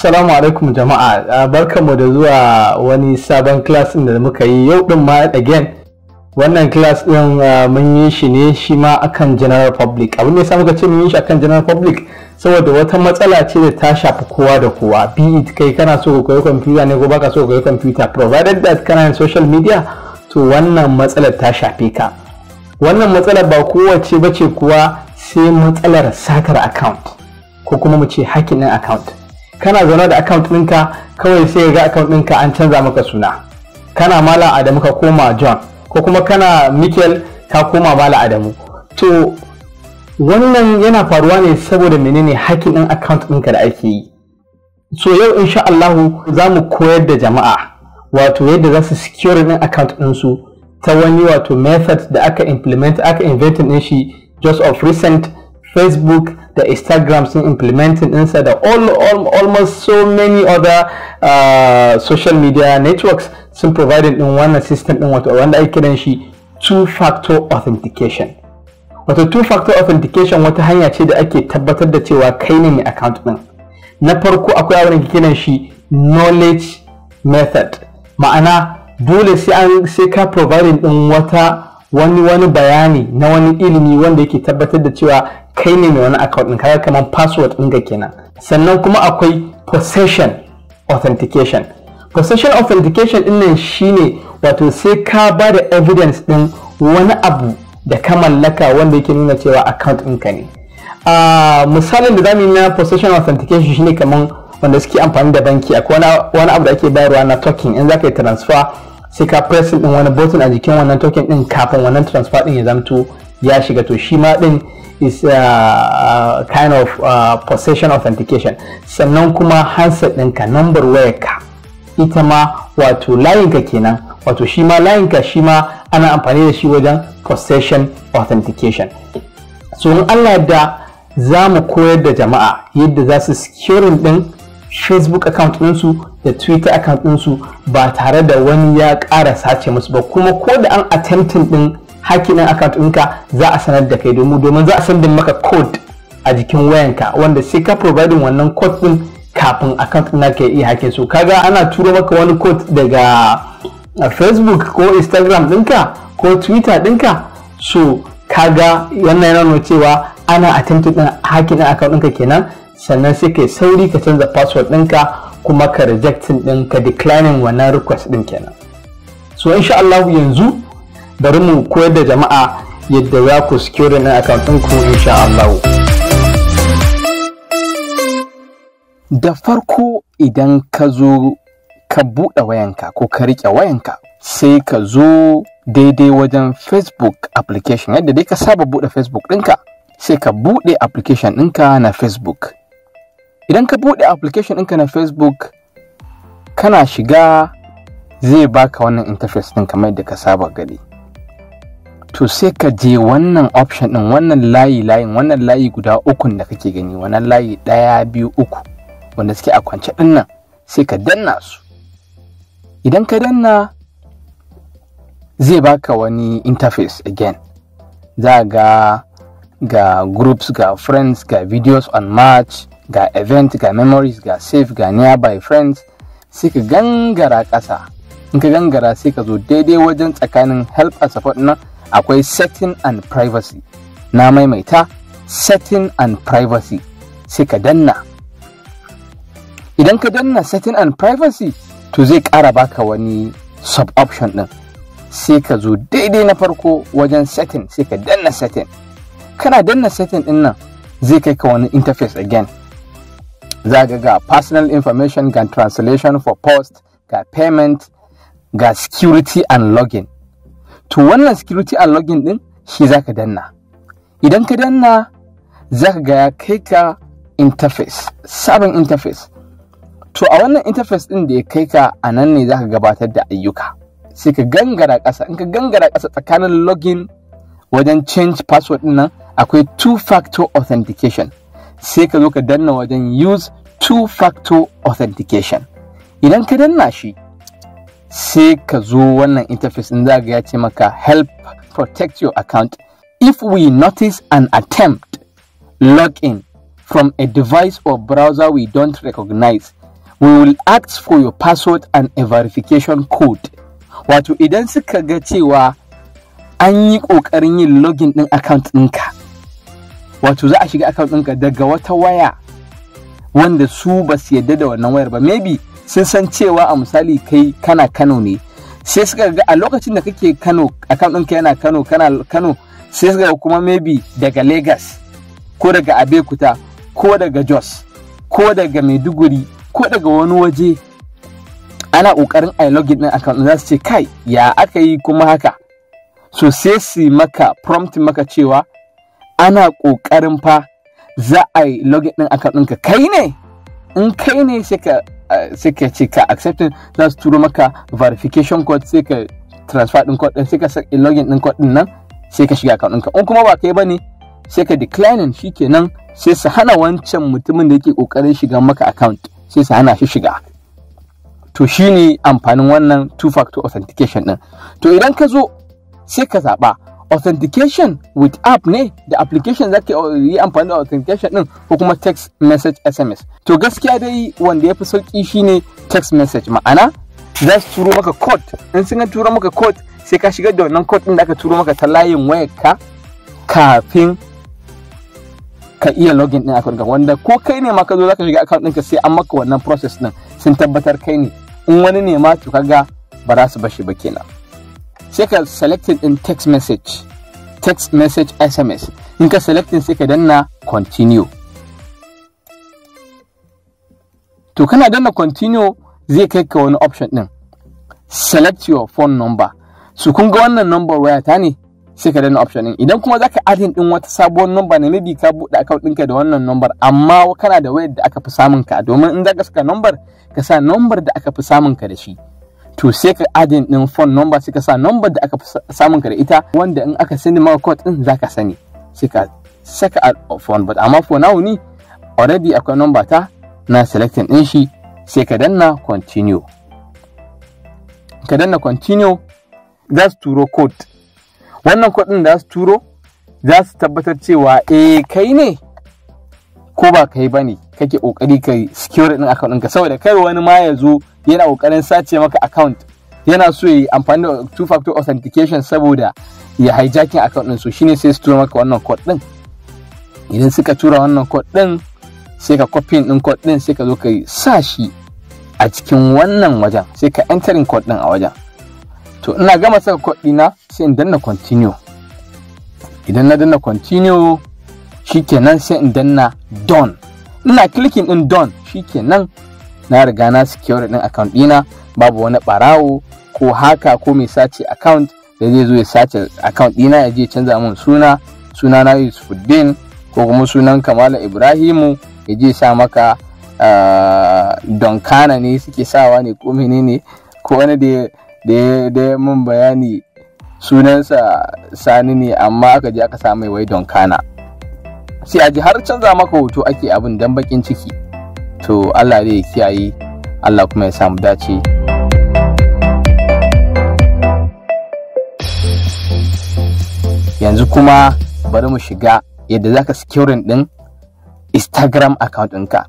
assalamu alaikum jama'a ah, barkanmu da zuwa wani sabon class din da muka yi yau din ma again wannan class din ah, mun yi shi ne shi ma akan general public abin da ya muka ce mun yi shi akan general public saboda wata matsala ce da ta shafi kowa da kowa be it kai kana so ka koyi computer ne ko baka so ka koyi computer provided that kana social media to wannan matsalar ta shafe ka wannan matsalar ba kowace bace kuwa sai matsalar satar account ko kuma mu ce hacking account kana zaune da account ɗinka kawai sai ga account ɗinka an canza maka suna kana mala adamu ka koma john ko kuma kana Michael ka koma mala adamu to wannan yana faruwa ne saboda menene hakkin ɗin account ɗinka da ake yi so yau insha Allahu za mu koyar da jama'a wato yadda za su secure ɗin account ɗinsu ta wani wato method da aka implement aka invent ɗin shi just of recent facebook da instagram sun implementing ɗinsa da all, all, almost so many other uh, social media networks sun providing ɗin wannan system ɗin wato wanda ake kiran shi two-factor authentication wato two-factor authentication wata hanya ce da ake tabbatar da cewa kai ne mai account ɗin na farko akwai abin da kiran shi knowledge method ma'ana dole sai an sai ka providing ɗin wata wani wani bayani na wani ilimi wanda yake tabbatar da cewa kai ne mai wani account ɗin kaga kamar password ɗinka kenan sannan kuma akwai possession authentication possession authentication ɗin nan shine wato sai ka ba da evidence ɗin wani abu da ka mallaka wanda yake nuna cewa account ɗinka ne a misalin da zamu yi na possession authentication shine kamar wanda suke amfani da banki akwai wani abu da ake bayarwa na token in za yi transfer sai ka press ɗin wani button a jikin wannan token ɗin, kafin wannan transfer ɗin ya zamto ya shiga to shi ma ɗin is uh, uh, kind of uh, possession authentication sannan kuma handset ɗinka number ka ita ma wato layinka kenan wato shi ma layinka shi ma ana amfani da shi wajen possession authentication so in Allah da za mu koyar da jama'a yadda za su securing ɗin facebook account ɗinsu da twitter account ɗinsu ba tare da wani ya ƙara sace musu ba kuma ko da an attempting ɗin hakinan account ɗinka za a sanar da kai domin domin za a sanda maka code a jikin wayanka wanda sai ka providing wannan code ɗin kafin account ɗin ka iya hakin su kaga ana turo maka wani code daga uh, facebook ko instagram ɗinka ko twitter ɗinka so kaga wannan yana nuna cewa ana attempting ɗin hakinan account ɗinka kenan sannan sai kai sauri ka canza password ɗinka kuma ka rejecting ɗin ka declining wannan request ɗin kenan so insha Allah yanzu bari mu koyar da jama'a yadda za ku secure na account ɗinku insha Allah. Da farko idan ka zo ka buɗe wayanka ko ka riƙe wayanka sai ka zo daidai wajen Facebook application yadda dai ka saba buɗe Facebook ɗinka sai ka buɗe application ɗinka na Facebook. Idan ka buɗe application ɗinka na Facebook kana shiga zai baka wannan interface ɗin kamar yadda ka saba gani. to sai ka je wannan option din wannan layi layin wannan layi guda ukun da kake gani wannan layi ɗaya biyu uku wanda suke a kwance din nan sai ka danna su idan ka danna zai baka wani interface again za ga ga groups ga friends ga videos on March, ga event ga memories ga save ga nearby friends sai ka gangara ƙasa in ka gangara sai ka zo daidai wajen tsakanin help and support nan akwai setting and privacy na maimaita setting and privacy sai ka danna idan ka danna setting and privacy to zai ƙara baka wani sub option ɗin sai ka zo daidai na farko wajen setting sai ka danna setting kana danna setting ɗinnan, nan zai kai ka wani interface again za ga ga personal information ga translation for post ga payment ga security and login to wannan security loggin din shi za ka danna idan ka danna ka ga ya kai ka interface sabon interface to a wannan interface din da ya kai ka a nan ne za ka gabatar da ayyuka sai ka gangara ƙasa in ka gangara ƙasa tsakanin login wajen change password din nan akwai two factor authentication sai ka zo ka danna wajen use two factor authentication idan ka danna shi sai ka zo wannan interface in ga ya ce maka help protect your account if we notice an attempt lock-in from a device or browser we don't recognize we will ask for your password and a verification code wato idan suka ga cewa an yi ƙoƙarin yin login ɗin account ɗinka wato za a shiga account ɗinka daga wata waya wanda su ba su yadda da wannan wayar ba maybe sun san cewa a misali kai kana Kano ne sai suka ga a lokacin da kake Kano akan ɗinka yana Kano kana Kano sai suka ga kuma maybe daga Lagos ko daga abekuta ko daga Jos ko daga Maiduguri ko daga wani waje ana ƙoƙarin a login ɗin akan za su ce kai ya aka yi kuma haka so sai su maka prompt maka cewa ana ƙoƙarin fa za a yi login ɗin akan ɗinka kai ne in kai ne sai ka Eh, sai ka ce ka accepting za su turo maka verification code sai ka transfer din code sai ka login din code din nan sai ka shiga account ɗinka in kuma ba kai bane sai ka declining shikenan sai su hana wancan mutumin da yake kokarin shiga maka account sai su hana shi shiga to shine amfanin wannan two factor authentication din to idan ka zo sai ka zaba authentication with app ne da application za ka yi amfani da authentication din ko kuma text message sms to gaskiya dai wanda ya fi sauki shine text message ma'ana za su turo maka code in sun turo maka code sai ka shigar da wannan code din da aka turo maka ta layin wayar ka kafin ka iya login din account wanda ko kai ne ma ka zo zaka shiga account ɗinka sai an maka wannan process din sun tabbatar kai ne in wani ne ma to kaga ba za su bashi ba kenan sai ka selected in text message text message sms in ka selecting sai ka danna continue to kana danna continue zai kai ka wani option din select your phone number su kun ga wannan number wayata ne sai ka danna option din idan kuma zaka in din wata sabuwar number ne maybe ka bude account ɗinka da wannan number amma kana da wayar da aka fi samun ka domin in zaka saka number ka sa number da aka fi samun ka da shi to sai ka adin din phone number sai ka sa number da aka samun ka da ita wanda in aka sani maka code din zaka sani sai ka saka phone but amma for now ni already akwai number ta na selecting din shi sai ka danna continue ka danna continue za su turo code wannan code din da su turo za su tabbatar cewa eh kai ne ko ba kai bane kake kokari kai secure din account ɗinka saboda kar wani ma ya zo yana kokarin sace maka account yana so yi amfani da two factor authentication saboda ya hijacking account din so shine sai su tura maka wannan code din idan suka tura wannan code din sai ka copy din code din sai ka zo ka sa shi a cikin wannan wajen sai ka entering code din a wajen to ina gama saka code dina sai in danna continue idan na danna continue shikenan sai in danna done ina clicking din done shikenan na riga na secure din account dina babu wani barawo ko haka ko mai sace account da zai zo ya sace account dina ya je canza mun suna suna na Yusufuddin ko kuma sunan Kamal Ibrahimu ya je sa maka ah, donkana ne suke sawa ne ko menene ko wani da ya mun bayani sunansa sani ne amma aka je aka sa mai wai donkana sai a ji har canza maka hoto ake abin dan bakin ciki to allah zai ya kiyaye allah kuma ya samu dace yanzu kuma bari mu shiga yadda za ka securing ɗin instagram account ɗinka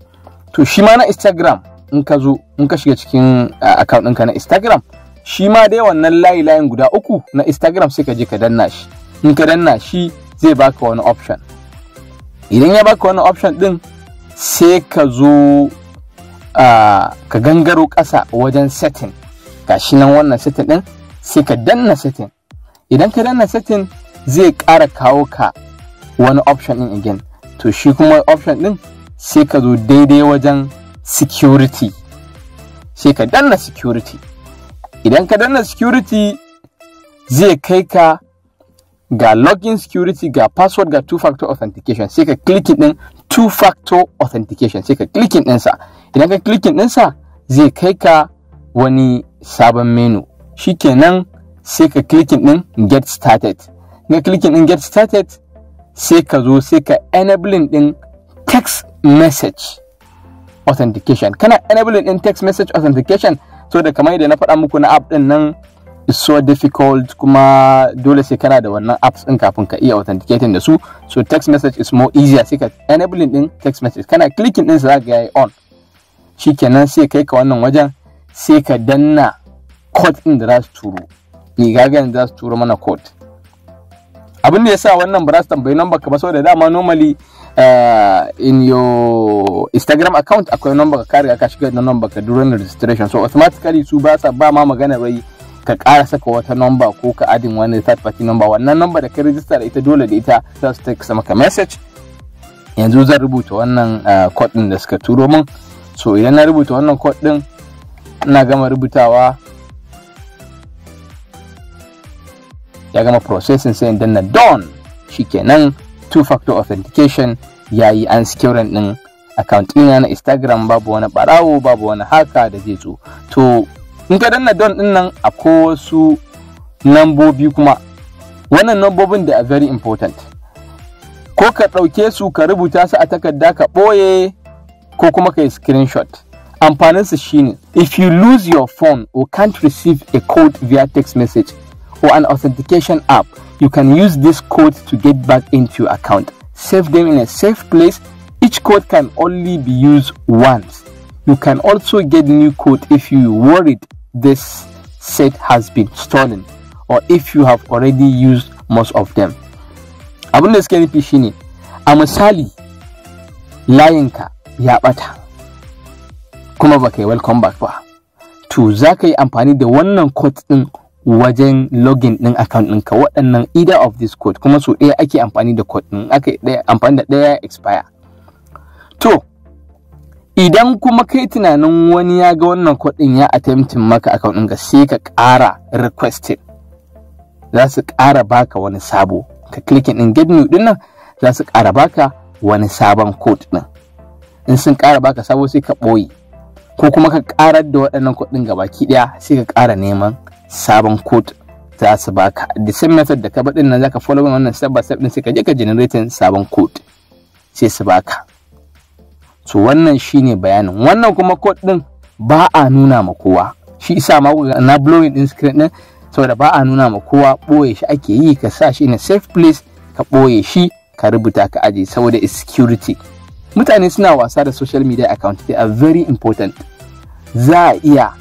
to shi ma na instagram in ka zo in ka shiga cikin account ɗinka na instagram shi ma dai wannan layi layin guda uku na instagram sai ka je ka danna shi in ka danna shi zai baka wani option idan ya baka wani option ɗin. sai ka zo ka gangaro ƙasa wajen setting gashi nan wannan setting ɗin sai ka danna setting idan ka danna setting zai ƙara kawo ka wani option ɗin again to shi kuma option ɗin sai ka zo daidai wajen security sai ka danna security idan ka danna security zai kai ka ga login security ga password ga two factor authentication sai ka clicking din two factor authentication sai ka clicking ɗinsa idan ka clicking ɗinsa zai kai ka wani sabon menu shikenan sai ka clicking din get started ga clicking din get started sai ka zo sai ka enabling din text message authentication kana enabling din text message authentication so da kamar yadda na faɗa muku na app din nan is so difficult kuma dole sai kana da wannan apps din kafin ka iya authenticating da su so text message is more easier sai ka enabling din text message kana clicking din za ga on on shikenan sai kai ka wannan wajen sai ka danna code din da za su turo ni ga ga za su turo mana code abin da yasa wannan ba za su tambayi number ka ba saboda dama normally uh, in your instagram account akwai number ka riga ka shiga da number ka during registration so automatically su ba sa ba ma magana bai ka ƙara saka wata namba ko ka adin wani third party number wannan nomba da ka rijista da ita dole da ita za su text maka message yanzu zan rubuta wannan ah, code din da suka turo min so idan na rubuta wannan code din ina gama rubutawa ya gama processing sai dan na don shikenan two factor authentication yayi an securing din account ɗina na Instagram babu wani barawo babu wani haka da zai zo to in ka danna don din nan akwai wasu nambobi kuma wannan nambobin da are very important ko ka ɗauke su ka rubuta su a takarda ka ɓoye ko kuma ka yi screenshot amfanin su shine if you lose your phone or can't receive a code via text message or an authentication app you can use this code to get back into your account save them in a safe place each code can only be used once you can also get new code if you worried this set has been stolen or if you have already used most of them abin da suke nufi shine a misali layinka ya ɓata, kuma baka yi welcome back ba to za ka yi amfani da wannan code ɗin wajen login din account ɗinka waɗannan either of this code kuma so ɗaya ake amfani da code ɗin aka amfani da ɗaya expire to idan kuma kai tunanin wani ya ga wannan kuɗin ya attempting maka akan ɗinka sai ka ƙara requested za su ƙara baka wani sabo ka clicking ɗin get new ɗin nan za su ƙara baka wani sabon code ɗin in sun ƙara baka sabo sai ka ɓoye ko kuma ka ƙarar da waɗannan kuɗin gabaki ɗaya sai ka ƙara neman sabon code za su baka the same method da ka baɗin nan zaka follow wannan step by step ɗin sai ka je ka generating sabon code sai su baka so wannan shine bayanin wannan kuma code din ba a nuna ma kowa shi isa ma na blowing din screen din saboda ba a nuna ma kowa ɓoye shi ake yi ka sa shi in a safe place ka ɓoye shi ka rubuta ka aje saboda security mutane suna wasa da social media account they are very important za a iya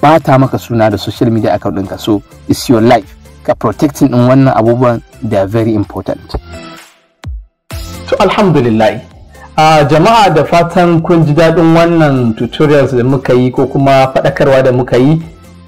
bata maka suna da social media account ɗinka so it's your life ka protecting din wannan abubuwan they are very important to alhamdulillah a jama'a da fatan kun ji daɗin wannan tutorials da muka yi ko kuma faɗakarwa da muka yi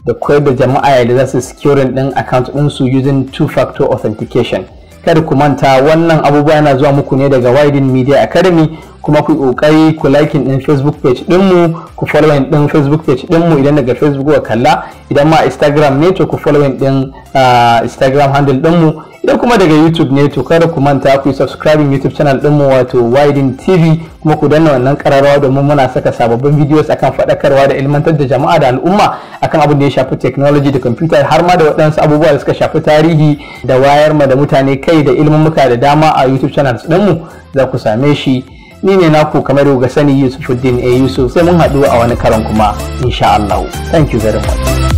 da koyar da jama'a yadda za su securing ɗin account ɗinsu using two-factor authentication kada ku manta wannan abubuwa yana zuwa muku ne daga widen media academy kuma ku kokari ku likin din facebook page dinmu ku following din facebook page dinmu idan daga facebook wa kalla idan ma instagram ne to ku following din ah, instagram handle dinmu idan kuma daga youtube ne to kada ku manta ku yi subscribing youtube channel dinmu wato widen tv kuma ku danna wannan kararrawa domin muna saka sababbin videos akan faɗakarwa da ilmantar da jama'a da al'umma akan abin da ya shafi technology da computer har ma da waɗansu abubuwa da suka shafi tarihi da wayar ma da mutane kai da ilmummuka da dama a youtube channel dinmu za ku same shi ni ne naku kamar yau ga sani yusufuddin a eh, yusuf sai mun haɗu a wani karan kuma insha thank you very much